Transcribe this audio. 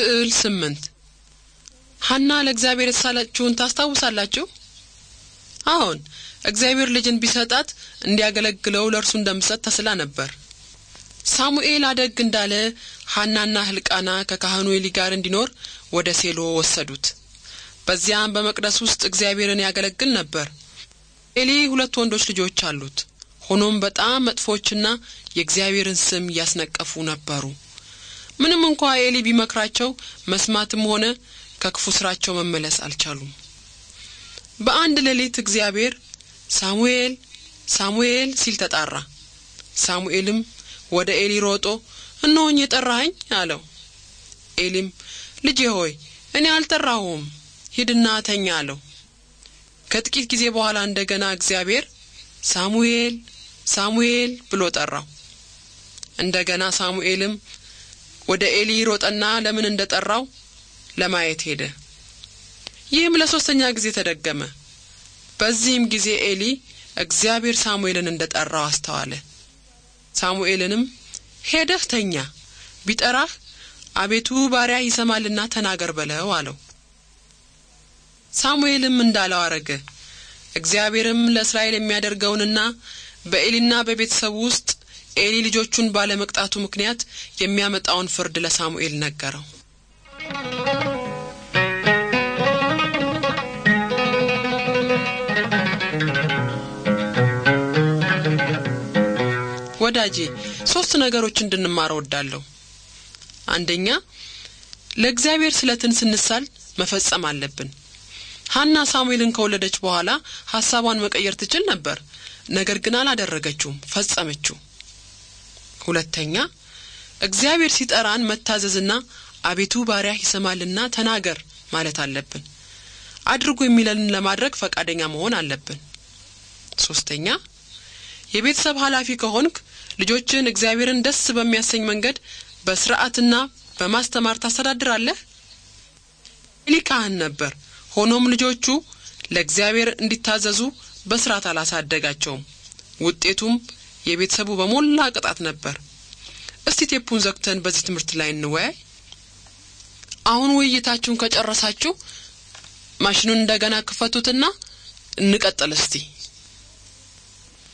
ስዕል ስምንት ሐና ለእግዚአብሔር የተሳለችውን ታስታውሳላችሁ? አሁን እግዚአብሔር ልጅን ቢሰጣት እንዲያገለግለው ለእርሱ እንደምሰጥ ተስላ ነበር። ሳሙኤል አደግ እንዳለ ሐናና ህልቃና ከካህኑ ኤሊ ጋር እንዲኖር ወደ ሴሎ ወሰዱት። በዚያም በመቅደስ ውስጥ እግዚአብሔርን ያገለግል ነበር። ኤሊ ሁለት ወንዶች ልጆች አሉት። ሆኖም በጣም መጥፎችና የእግዚአብሔርን ስም ያስነቀፉ ነበሩ። ምንም እንኳ ኤሊ ቢመክራቸው መስማትም ሆነ ከክፉ ስራቸው መመለስ አልቻሉም። በአንድ ሌሊት እግዚአብሔር ሳሙኤል ሳሙኤል ሲል ተጣራ። ሳሙኤልም ወደ ኤሊ ሮጦ እነሆኝ የጠራኸኝ አለው። ኤሊም ልጄ ሆይ እኔ አልጠራሁም፣ ሂድና ተኛ አለው። ከጥቂት ጊዜ በኋላ እንደገና እግዚአብሔር ሳሙኤል ሳሙኤል ብሎ ጠራው። እንደገና ሳሙኤልም ወደ ኤሊ ሮጠና ለምን እንደጠራው ለማየት ሄደ። ይህም ለሶስተኛ ጊዜ ተደገመ። በዚህም ጊዜ ኤሊ እግዚአብሔር ሳሙኤልን እንደ ጠራው አስተዋለ። ሳሙኤልንም ሄደህ ተኛ፣ ቢጠራህ አቤቱ ባሪያ ይሰማልና ተናገር በለው አለው። ሳሙኤልም እንዳለው አረገ። እግዚአብሔርም ለእስራኤል የሚያደርገውንና በኤሊና በቤተሰቡ ውስጥ ኤሊ ልጆቹን ባለመቅጣቱ ምክንያት የሚያመጣውን ፍርድ ለሳሙኤል ነገረው። ወዳጄ ሶስት ነገሮች እንድንማር ወዳለሁ አንደኛ ለእግዚአብሔር ስለትን ስንሳል መፈጸም አለብን። ሀና ሳሙኤልን ከወለደች በኋላ ሀሳቧን መቀየር ትችል ነበር፣ ነገር ግን አላደረገችውም፣ ፈጸመችው። ሁለተኛ እግዚአብሔር ሲጠራን መታዘዝና አቤቱ ባሪያህ ይሰማልና ተናገር ማለት አለብን። አድርጎ የሚለንን ለማድረግ ፈቃደኛ መሆን አለብን። ሶስተኛ የቤተሰብ ኃላፊ ከሆንክ ልጆችን እግዚአብሔርን ደስ በሚያሰኝ መንገድ በስርዓትና በማስተማር ታስተዳድራለህ። ኤሊ ካህን ነበር። ሆኖም ልጆቹ ለእግዚአብሔር እንዲታዘዙ በስርዓት አላሳደጋቸውም። ውጤቱም የቤተሰቡ በሞላ ቅጣት ነበር። እስቲ ቴፑን ዘግተን በዚህ ትምህርት ላይ እንወያይ። አሁን ውይይታችሁን ከጨረሳችሁ ማሽኑን እንደገና ክፈቱትና እንቀጥል እስቲ።